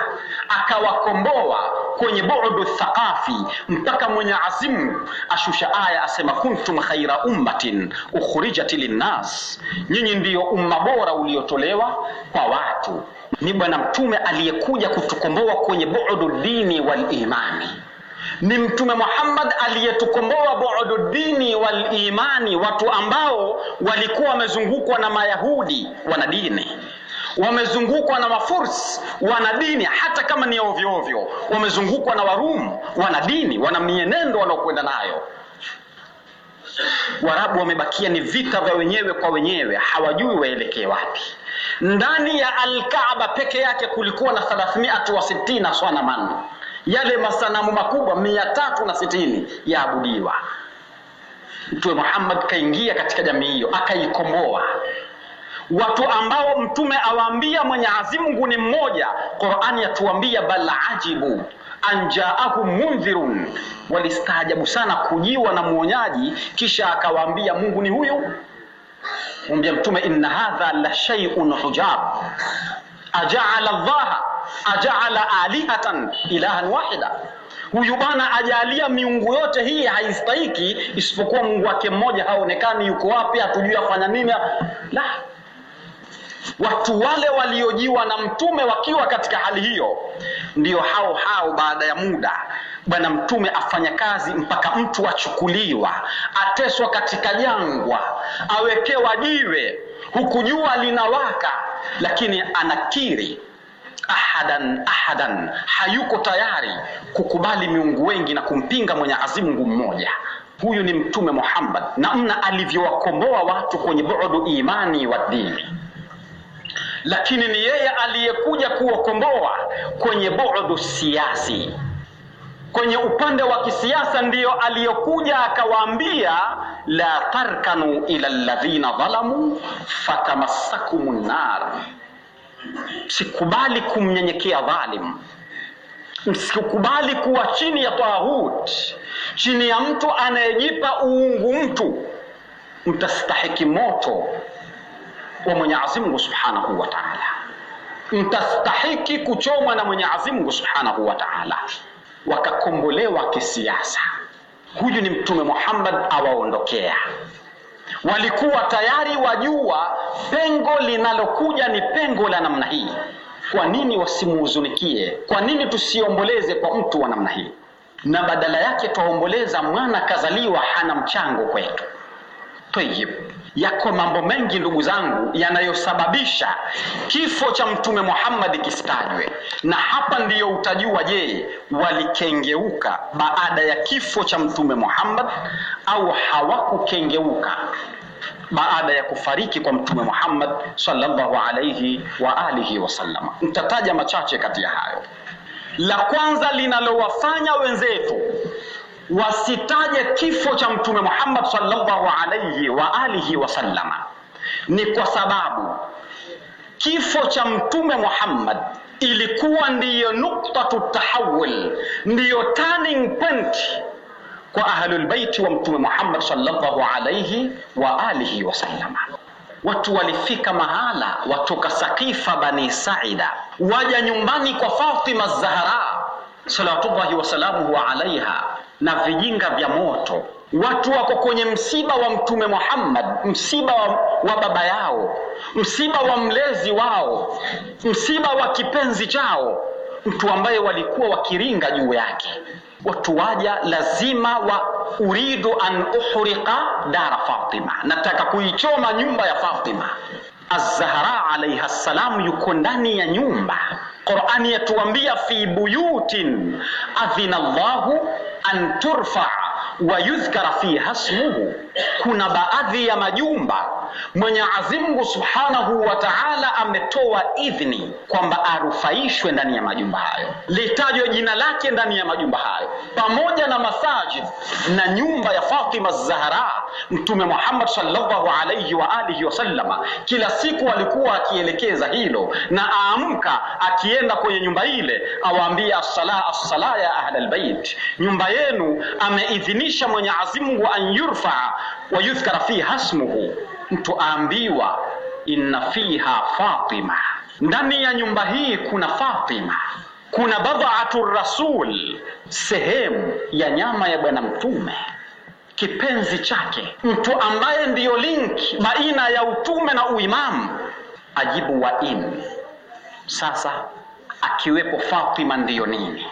akawakomboa kwenye bodu thaqafi, mpaka mwenye azimu ashusha aya asema, kuntum khaira ummatin ukhrijat linnas, nyinyi ndiyo umma bora uliotolewa kwa watu. Ni Bwana Mtume aliyekuja kutukomboa kwenye bodu dini wal imani ni Mtume Muhammad aliyetukomboa bodu dini wal imani, watu ambao walikuwa wamezungukwa na Mayahudi wana dini wamezungukwa na Wafursi wana dini, hata kama ni ovyoovyo, wamezungukwa na Warumu wana dini, wana mienendo wanaokwenda nayo. warabu wamebakia ni vita vya wenyewe kwa wenyewe, hawajui waelekee wapi. Ndani ya Alkaaba peke yake kulikuwa na 360 swanaman, yale masanamu makubwa 360 yaabudiwa. Mtume Muhammad kaingia katika jamii hiyo akaikomboa watu ambao mtume awaambia Mwenyezi Mungu ni mmoja. Qur'ani yatuambia bal ajibu anjaahum mundhirun, walistaajabu sana kujiwa na mwonyaji, kisha akawaambia Mungu ni huyu. Mwambia mtume inna hadha la shay'un hujab ajaala llaha ajaala alihatan ilahan wahida Huyu bana ajalia miungu yote hii haistahiki isipokuwa Mungu wake mmoja, haonekani, yuko wapi, hatujui afanya nini. La, Watu wale waliojiwa na Mtume wakiwa katika hali hiyo, ndio hao hao. Baada ya muda, Bwana Mtume afanya kazi mpaka mtu achukuliwa, ateswa katika jangwa, awekewa jiwe, huku jua linawaka, lakini anakiri ahadan ahadan, hayuko tayari kukubali miungu wengi na kumpinga azimu Mungu mmoja. Huyu ni Mtume Muhammad, namna alivyowakomboa watu kwenye bodu imani wa dini lakini ni yeye aliyekuja kuwakomboa kwenye bodu siasi, kwenye upande wa kisiasa, ndiyo aliyokuja akawaambia, la tarkanu ila alladhina dhalamu fatamassakum nar, msikubali kumnyenyekea dhalim, msikubali kuwa chini ya tahut, chini ya mtu anayejipa uungu mtu, mtastahiki moto wa Mwenyezi Mungu Subhanahu wa Ta'ala, mtastahiki kuchomwa na Mwenyezi Mungu Subhanahu wa Ta'ala, wakakombolewa kisiasa. Huyu ni Mtume Muhammad awaondokea. Walikuwa tayari wajua pengo linalokuja ni pengo la namna hii. Kwa nini wasimuhuzunikie? Kwa nini tusiomboleze kwa mtu wa namna hii, na badala yake twaomboleza mwana kazaliwa hana mchango kwetu? Tayib. Yako mambo mengi ndugu zangu, yanayosababisha kifo cha Mtume Muhammad kisitajwe, na hapa ndiyo utajua, je, walikengeuka baada ya kifo cha Mtume Muhammad au hawakukengeuka baada ya kufariki kwa Mtume Muhammad sallallahu alayhi wa alihi machache kati ya hayo. La kwanza linalowafanya wenzetu wasitaje kifo cha Mtume Muhammad sallallahu alaihi wa alihi wasallama, ni kwa sababu kifo cha Mtume Muhammad ilikuwa ndiyo nuktatu tahawul, ndiyo turning point kwa ahlulbeiti wa Mtume Muhammad sallallahu alaihi wa alihi wasallama. Watu walifika mahala watoka Sakifa Bani Saida waja nyumbani kwa Fatima Zahra salawatullahi wasalamuhu alaiha na vijinga vya moto. Watu wako kwenye msiba wa Mtume Muhammad, msiba wa, wa baba yao, msiba wa mlezi wao, msiba wa kipenzi chao, mtu ambaye walikuwa wakiringa juu yake. Watu waja lazima wa uridu an uhriqa dara Fatima, nataka kuichoma nyumba ya Fatima. Az-Zahra alayha salam yuko ndani ya nyumba. Qur'ani yatuambia fi buyutin adhina Allahu أن ترفع ويذكر فيها اسمه kuna baadhi ya majumba Mwenyezi Mungu Subhanahu wa Ta'ala ametoa idhini kwamba arufaishwe ndani ya majumba hayo, litajwe jina lake ndani ya majumba hayo, pamoja na masajid na nyumba ya Fatima Zahra. Mtume Muhammad sallallahu alayhi wa alihi wasallama kila siku alikuwa akielekeza hilo, na aamka akienda kwenye nyumba ile awaambie, assala assala ya ahlal bait, nyumba yenu ameidhinisha Mwenyezi Mungu an yurfaa wa yudhkara fiha smuhu, mtu aambiwa inna fiha Fatima, ndani ya nyumba hii kuna Fatima, kuna badhaatu rasul, sehemu ya nyama ya Bwana Mtume, kipenzi chake, mtu ambaye ndiyo link baina ya utume na uimamu. Ajibu wa in, sasa akiwepo Fatima ndiyo nini?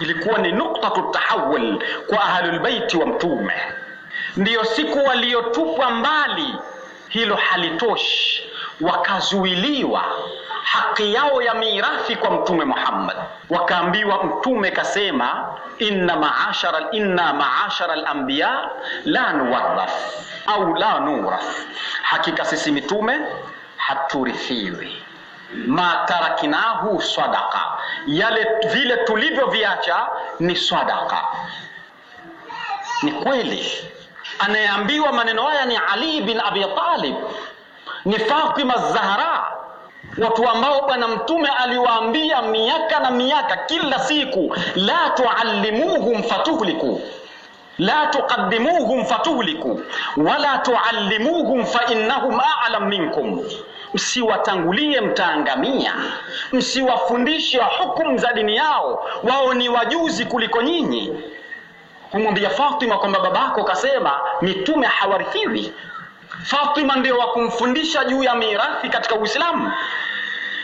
Ilikuwa ni nuktatu tahawul kwa ahlulbaiti wa Mtume. Ndiyo siku waliotupwa mbali, hilo halitoshi, wakazuiliwa haki yao ya mirathi kwa Mtume Muhammad, wakaambiwa Mtume kasema, inna maashara inna maashara al-anbiya la nuwarrath au la nurath, hakika sisi mitume haturithiwi ma tarakinahu sadaqa, yale vile tulivyoviacha ni sadaqa. Ni kweli Anayeambiwa maneno haya ni Ali bin Abi Talib, ni Fatima Zahra, watu ambao Bwana Mtume aliwaambia miaka na miaka, kila siku, la tuallimuhum fatuhliku la tuqaddimuhum fatuhliku wala tuallimuhum fa innahum a'lam minkum, msiwatangulie mtaangamia. Msiwafundishe hukumu za dini yao, wao ni wajuzi kuliko nyinyi kumwambia Fatima kwamba babako kasema mitume hawarithiwi. Fatima ndio wa kumfundisha juu ya mirathi katika Uislamu,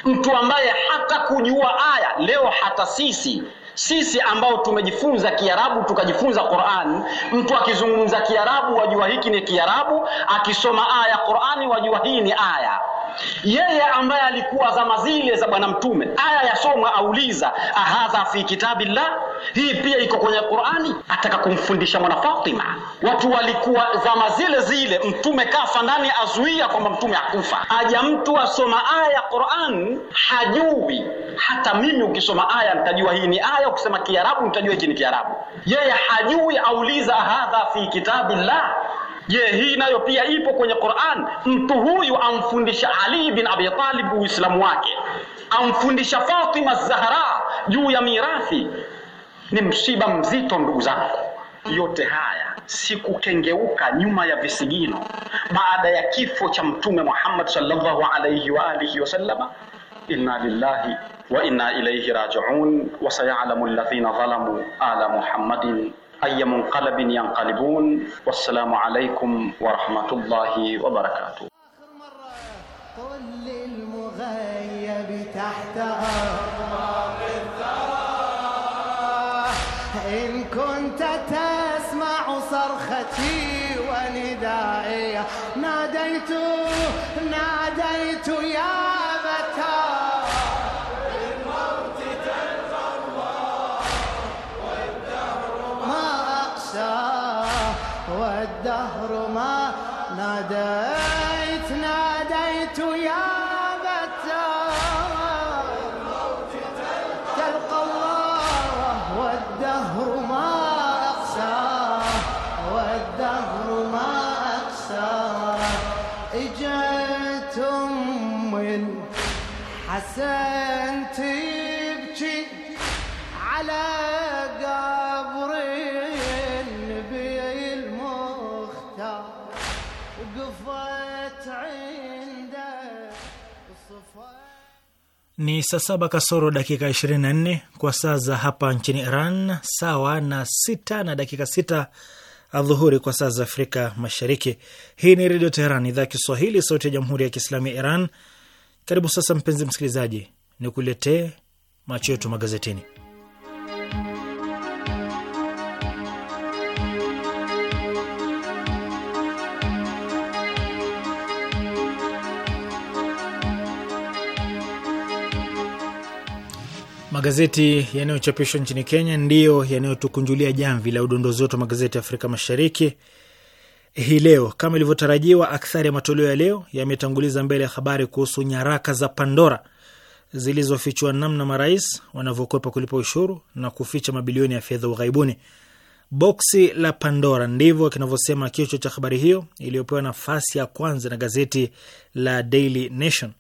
mtu ambaye hata kujua aya leo, hata sisi sisi ambao tumejifunza Kiarabu tukajifunza Qur'an, mtu akizungumza Kiarabu wajua hiki ni Kiarabu, akisoma aya Qur'ani wajua hii ni aya yeye ambaye alikuwa zama zile za Bwana Mtume. Aya yasomwa auliza ahadha fi kitabillah, hii pia iko kwenye Qur'ani. Ataka kumfundisha mwana Fatima. Watu walikuwa zama zile zile, mtume kafa, ndani azuia kwamba mtume akufa. Aja mtu asoma aya ya Qur'an hajui. Hata mimi ukisoma aya nitajua hii ni aya, ukisema Kiarabu nitajua hiki ni Kiarabu. Yeye hajui, auliza ahadha fi kitabillah Je, hii nayo pia ipo kwenye Qur'an? Mtu huyu amfundisha Ali bin Abi Talib Uislamu wake, amfundisha Fatima Zahra juu ya mirathi. Ni msiba mzito, ndugu zangu. Yote haya si kukengeuka nyuma ya visigino baada ya kifo cha Mtume Muhammad sallallahu alayhi wa alihi wasallam. Inna lillahi wa inna ilayhi raji'un, wa sayalamu alladhina zalamu ala Muhammadin أي منقلب ينقلبون والسلام عليكم ورحمة الله وبركاته قل للمغيب تحت أرض إن كنت تسمع صرختي وندائي ناديت ناديت يا أعداء Ni saa saba kasoro dakika 24 kwa saa za hapa nchini Iran, sawa na sita na dakika sita adhuhuri kwa saa za Afrika Mashariki. Hii ni Redio Teheran, idhaa ya Kiswahili, sauti ya Jamhuri ya Kiislamu ya Iran. Karibu sasa, mpenzi msikilizaji, ni kuletee macho yetu magazetini. Magazeti yanayochapishwa nchini Kenya ndiyo yanayotukunjulia jamvi la udondozi wetu wa magazeti ya Afrika Mashariki hii leo. Kama ilivyotarajiwa, akthari ya matoleo ya leo yametanguliza mbele ya habari kuhusu nyaraka za Pandora zilizofichua namna marais wanavyokwepa kulipa ushuru na kuficha mabilioni ya fedha ughaibuni. Boksi la Pandora, ndivyo kinavyosema kichwa cha habari hiyo iliyopewa nafasi ya kwanza na gazeti la Daily Nation.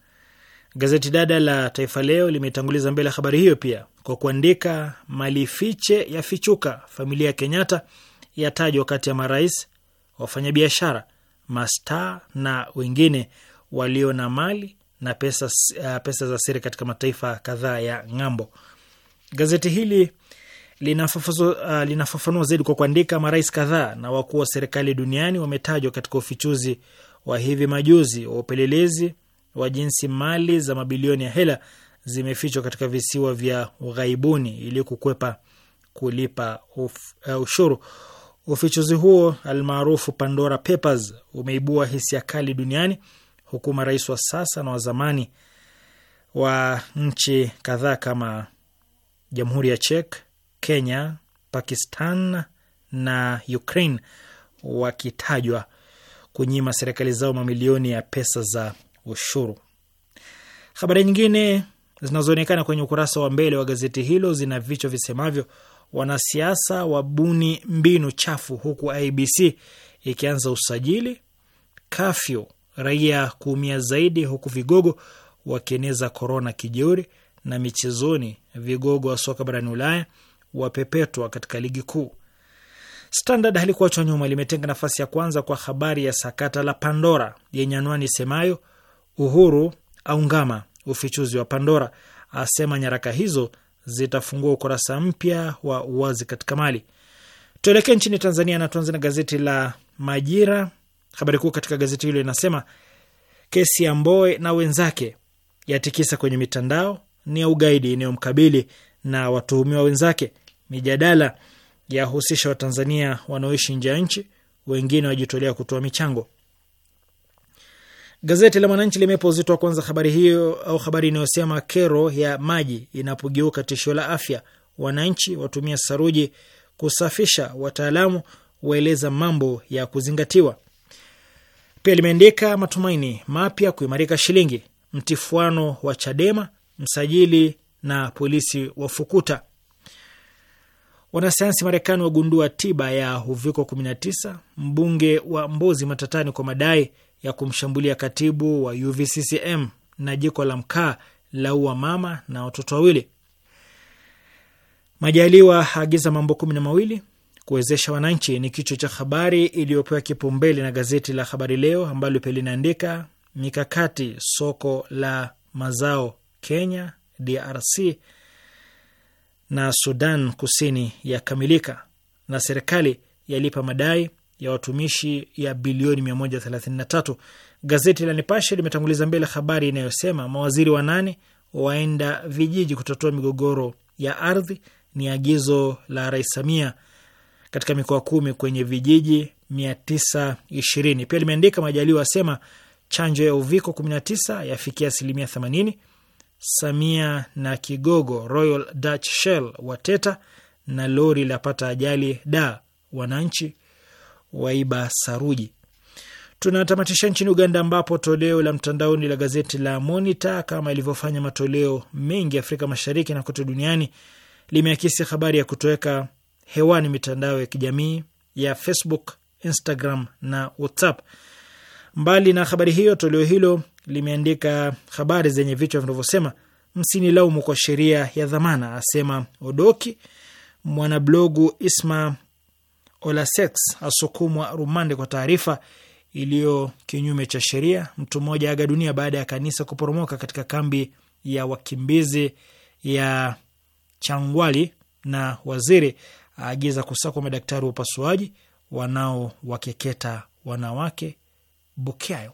Gazeti dada la Taifa Leo limetanguliza mbele ya habari hiyo pia kwa kuandika malifiche ya fichuka, familia ya Kenyatta yatajwa kati ya marais, wafanyabiashara, mastaa na wengine walio na mali na pesa, eh, pesa za siri katika mataifa kadhaa ya ng'ambo. Gazeti hili linafafanua uh, eh, linafafanua zaidi kwa kuandika marais kadhaa na wakuu wa serikali duniani wametajwa katika ufichuzi wa hivi majuzi wa upelelezi wa jinsi mali za mabilioni ya hela zimefichwa katika visiwa vya ughaibuni ili kukwepa kulipa uf, uh, ushuru. Ufichuzi huo almaarufu Pandora Papers umeibua hisia kali duniani huku marais wa sasa na wa zamani wa nchi kadhaa kama Jamhuri ya Czech, Kenya, Pakistan na Ukraine wakitajwa kunyima serikali zao mamilioni ya pesa za ushuru. Habari nyingine zinazoonekana kwenye ukurasa wa mbele wa gazeti hilo zina vichwa visemavyo wanasiasa wabuni mbinu chafu huku IBC ikianza usajili, kafyu raia kuumia zaidi huku vigogo wakieneza korona kijeuri, na michezoni vigogo wa soka barani Ulaya wapepetwa katika ligi kuu. Standard halikuachwa nyuma, limetenga nafasi ya kwanza kwa habari ya sakata la Pandora yenye anwani semayo Uhuru aungama ufichuzi wa Pandora, asema nyaraka hizo zitafungua ukurasa mpya wa uwazi katika Mali. Tuelekee nchini Tanzania na tuanze na gazeti la Majira. Habari kuu katika gazeti hilo inasema kesi ya Mboe na wenzake yatikisa kwenye mitandao, ni ya ugaidi inayomkabili na watuhumiwa wenzake. Mijadala yahusisha Watanzania wanaoishi nje ya nchi, wengine wajitolea kutoa michango. Gazeti la Mwananchi limepa uzito wa kwanza habari hiyo au habari inayosema kero ya maji inapogeuka tishio la afya, wananchi watumia saruji kusafisha, wataalamu waeleza mambo ya kuzingatiwa. Pia limeandika matumaini mapya kuimarika shilingi, mtifuano wa Chadema, msajili na polisi wafukuta. Wanasayansi Marekani wagundua tiba ya uviko 19. Mbunge wa Mbozi matatani kwa madai ya kumshambulia katibu wa UVCCM na jiko la mkaa la ua mama na watoto wawili. Majaliwa agiza mambo kumi na mawili kuwezesha wananchi ni kichwa cha habari iliyopewa kipaumbele na gazeti la Habari Leo ambalo pia linaandika mikakati soko la mazao Kenya, DRC na Sudan Kusini yakamilika na serikali yalipa madai ya watumishi ya bilioni 133. Gazeti la Nipashe limetanguliza mbele habari inayosema mawaziri wanane waenda vijiji kutatua migogoro ya ardhi. Ni agizo la Rais Samia katika mikoa kumi kwenye vijiji 920. Pia limeandika Majaliwa asema chanjo ya uviko 19 yafikia asilimia 80. Samia na kigogo Royal Dutch Shell wateta na lori lapata ajali da wananchi waiba saruji. Tunatamatisha nchini Uganda, ambapo toleo la mtandaoni la gazeti la Monita, kama ilivyofanya matoleo mengi Afrika Mashariki na kote duniani, limeakisi habari ya kutoweka hewani mitandao ya kijamii ya Facebook, Instagram na WhatsApp. Mbali na habari hiyo, toleo hilo limeandika habari zenye vichwa vinavyosema laumu kwa sheria ya dhamana, asema Odoki. Mwanablogu Isma Olasex asukumwa rumande kwa taarifa iliyo kinyume cha sheria. Mtu mmoja aga dunia baada ya kanisa kuporomoka katika kambi ya wakimbizi ya Changwali, na waziri aagiza kusakwa madaktari wa upasuaji wanaowakeketa wanawake Bukayo.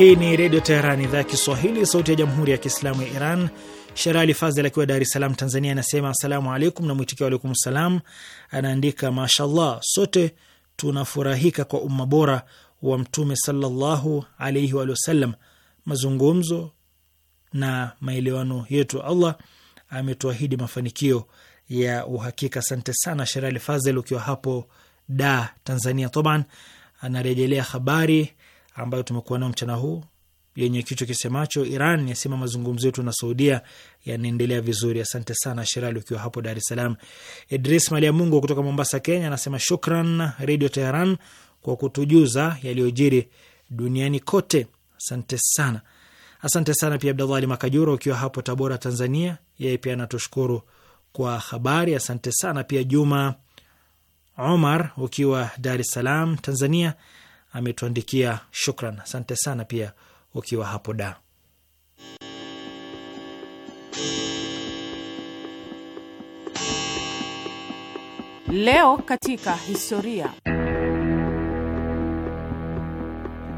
Hii ni Redio Teherani, idhaa ya Kiswahili, sauti ya Jamhuri ya Kiislamu ya Iran. Sherali Fazel akiwa Dar es Salaam, Tanzania, anasema asalamu alaikum, na mwitikio alaikum salam. Anaandika mashallah, sote tunafurahika kwa umma bora wa Mtume sallallahu alaihi wasallam, mazungumzo na maelewano yetu. Allah ametuahidi mafanikio ya uhakika. Asante sana Sherali Fazel ukiwa hapo Da, Tanzania. Toban anarejelea habari ambayo tumekuwa nayo mchana huu yenye kichwa kisemacho Iran yasema mazungumzo yetu na Saudia yanaendelea vizuri. Asante sana Sherali ukiwa hapo Dar es Salaam. Idris Mali Mungu kutoka Mombasa, Kenya anasema shukran Redio Teheran kwa kutujuza yaliyojiri duniani kote. Asante sana, asante sana pia Abdallah Ali Makajura ukiwa hapo Tabora, Tanzania, yeye pia anatushukuru kwa habari. Asante sana pia Juma Omar ukiwa Dar es Salaam, Tanzania ametuandikia shukran. Asante sana pia ukiwa hapo da Leo katika historia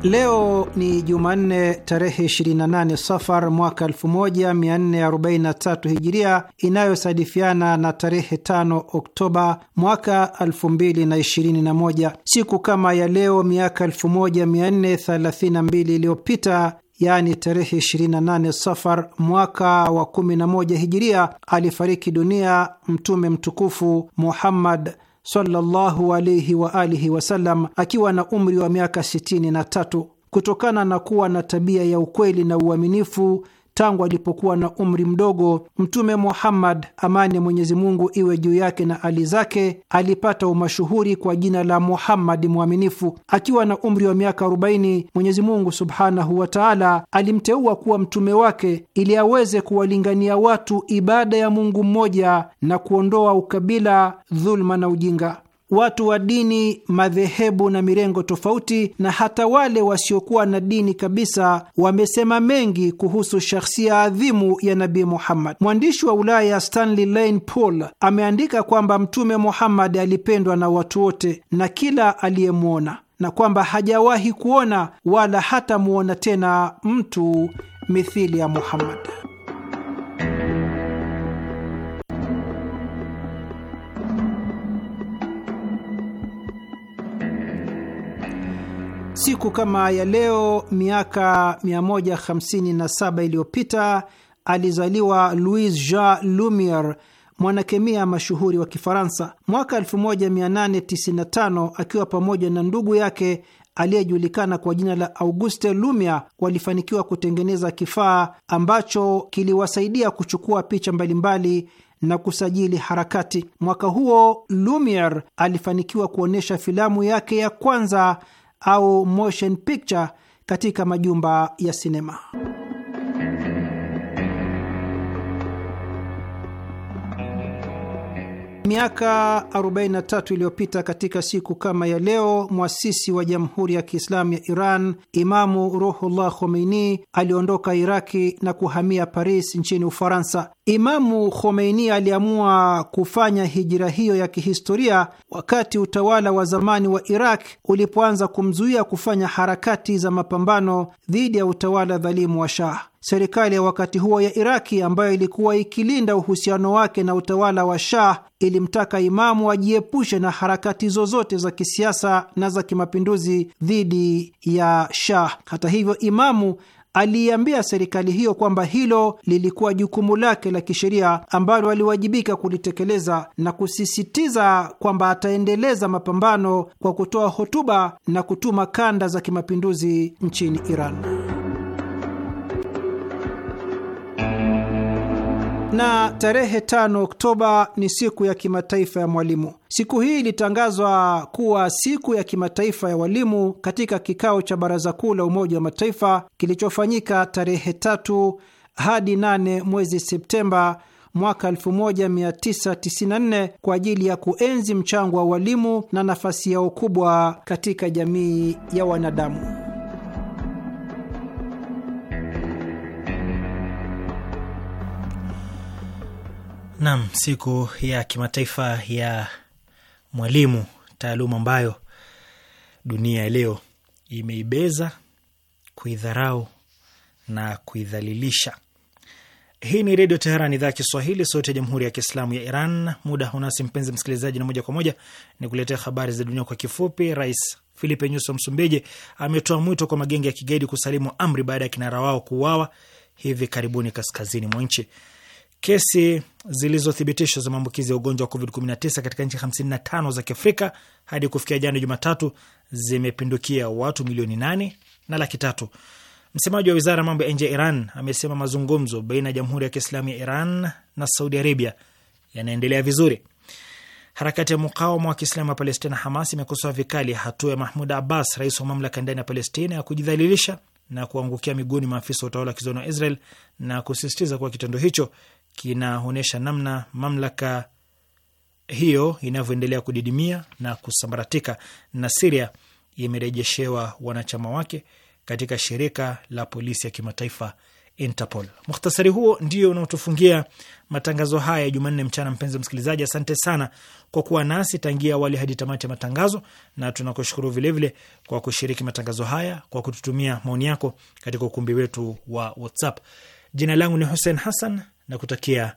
Leo ni Jumanne tarehe 28 Safar mwaka 1443 Hijiria, inayosadifiana na tarehe 5 Oktoba mwaka 2021. Siku kama ya leo miaka 1432 iliyopita yaani tarehe 28 Safar mwaka wa 11 Hijiria, alifariki dunia Mtume mtukufu Muhammad sallallahu alaihi wa alihi wasallam akiwa na umri wa miaka 63 kutokana na kuwa na tabia ya ukweli na uaminifu tangu alipokuwa na umri mdogo, Mtume Muhammad, amani ya Mwenyezi Mungu iwe juu yake na ali zake, alipata umashuhuri kwa jina la Muhammadi Mwaminifu. Akiwa na umri wa miaka 40, Mwenyezi Mungu subhanahu wa taala alimteua kuwa mtume wake ili aweze kuwalingania watu ibada ya Mungu mmoja na kuondoa ukabila, dhuluma na ujinga watu wa dini, madhehebu na mirengo tofauti, na hata wale wasiokuwa na dini kabisa wamesema mengi kuhusu shakhsia adhimu ya Nabii Muhammad. Mwandishi wa Ulaya Stanley Lane Poole ameandika kwamba Mtume Muhammad alipendwa na watu wote na kila aliyemwona, na kwamba hajawahi kuona wala hata tena mtu mithili ya Muhammad. Siku kama ya leo miaka 157 iliyopita alizaliwa Louis Jean Lumiere, mwanakemia mashuhuri wa Kifaransa. Mwaka 1895 akiwa pamoja na ndugu yake aliyejulikana kwa jina la Auguste Lumia walifanikiwa kutengeneza kifaa ambacho kiliwasaidia kuchukua picha mbalimbali na kusajili harakati. Mwaka huo Lumiere alifanikiwa kuonyesha filamu yake ya kwanza au motion picture katika majumba ya sinema. Miaka 43 iliyopita katika siku kama ya leo, mwasisi wa Jamhuri ya Kiislamu ya Iran Imamu Ruhullah Khomeini aliondoka Iraki na kuhamia Paris nchini Ufaransa. Imamu Khomeini aliamua kufanya hijira hiyo ya kihistoria wakati utawala wa zamani wa Iraq ulipoanza kumzuia kufanya harakati za mapambano dhidi ya utawala dhalimu wa Shah. Serikali ya wakati huo ya Iraki ambayo ilikuwa ikilinda uhusiano wake na utawala wa Shah ilimtaka Imamu ajiepushe na harakati zozote za kisiasa na za kimapinduzi dhidi ya Shah. Hata hivyo, Imamu aliiambia serikali hiyo kwamba hilo lilikuwa jukumu lake la kisheria ambalo aliwajibika kulitekeleza na kusisitiza kwamba ataendeleza mapambano kwa kutoa hotuba na kutuma kanda za kimapinduzi nchini Iran. Na tarehe 5 Oktoba ni siku ya kimataifa ya mwalimu. Siku hii ilitangazwa kuwa siku ya kimataifa ya walimu katika kikao cha Baraza Kuu la Umoja wa Mataifa kilichofanyika tarehe tatu hadi 8 mwezi Septemba mwaka 1994 kwa ajili ya kuenzi mchango wa walimu na nafasi yao kubwa katika jamii ya wanadamu. Naam, siku ya kimataifa ya mwalimu, taaluma ambayo dunia leo imeibeza, kuidharau na kuidhalilisha. Hii ni Redio Teheran, idhaa ya Kiswahili, sauti ya Jamhuri ya Kiislamu ya Iran. Muda hunasi mpenzi msikilizaji, na moja kwa moja ni kuletea habari za dunia kwa kifupi. Rais Filipe Nyusi wa Msumbiji ametoa mwito kwa magenge ya kigaidi kusalimu amri baada ya kinara wao kuuawa hivi karibuni kaskazini mwa nchi. Kesi zilizothibitishwa za maambukizi ya ugonjwa wa COVID-19 katika nchi 55 za Kiafrika hadi kufikia jana Jumatatu zimepindukia watu milioni nane na laki tatu. Msemaji wa wizara ya mambo ya nje ya Iran amesema mazungumzo baina ya Jamhuri ya Kiislamu ya Iran na Saudi Arabia yanaendelea vizuri. Harakati ya mukawama wa Kiislamu ya Palestina, Hamas, imekosoa vikali hatua ya Mahmud Abbas, rais wa mamlaka ndani ya Palestina, ya kujidhalilisha na kuangukia miguuni maafisa wa utawala wa kizayuni wa Israel na kusisitiza kuwa kitendo hicho kinaonyesha namna mamlaka hiyo inavyoendelea kudidimia na kusambaratika, na Siria imerejeshewa wanachama wake katika shirika la polisi ya kimataifa Interpol. Mukhtasari huo ndio unaotufungia matangazo haya ya Jumanne mchana. Mpenzi msikilizaji, asante sana kwa kuwa nasi tangia awali hadi tamati ya matangazo, na tunakushukuru vilevile kwa kushiriki matangazo haya kwa kututumia maoni yako katika ukumbi wetu wa WhatsApp. Jina langu ni Hussein Hassan na kutakia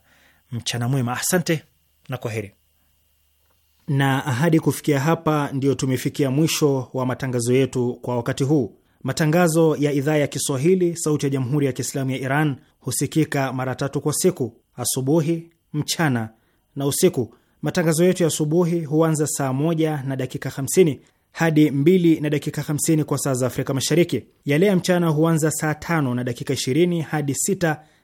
mchana mwema. Asante na kwa heri. Na ahadi kufikia hapa, ndiyo tumefikia mwisho wa matangazo yetu kwa wakati huu. Matangazo ya idhaa ya Kiswahili sauti ya jamhuri ya Kiislamu ya Iran husikika mara tatu kwa siku: asubuhi, mchana na usiku. Matangazo yetu ya asubuhi huanza saa moja na dakika hamsini hadi 2 na dakika hamsini kwa saa za Afrika Mashariki. Yale ya mchana huanza saa tano na dakika ishirini hadi sita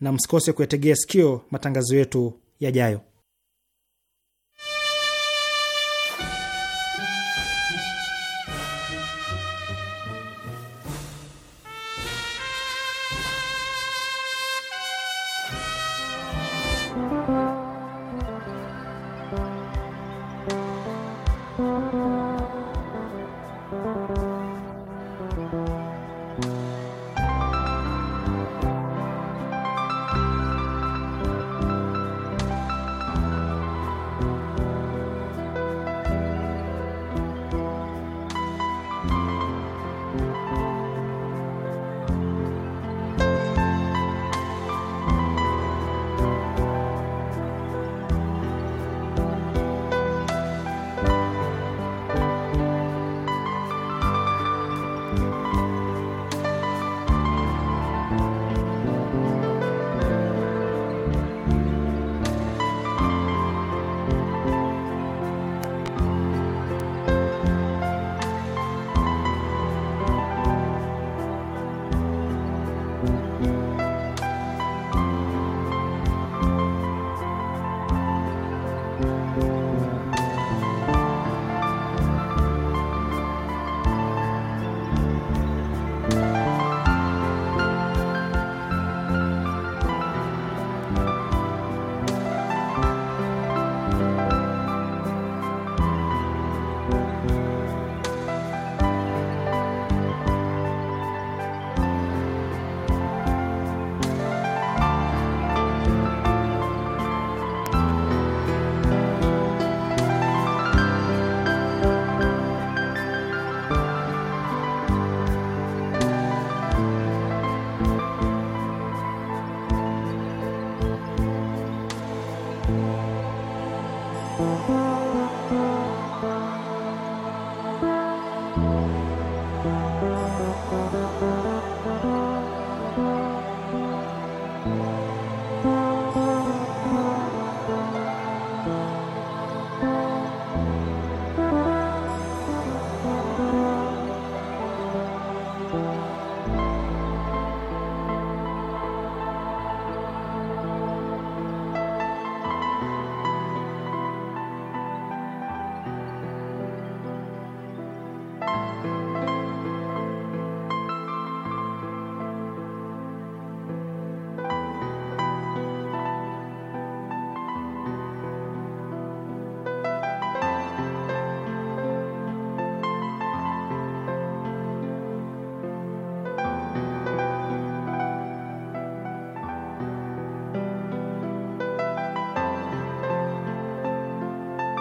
na msikose kuyategea sikio matangazo yetu yajayo.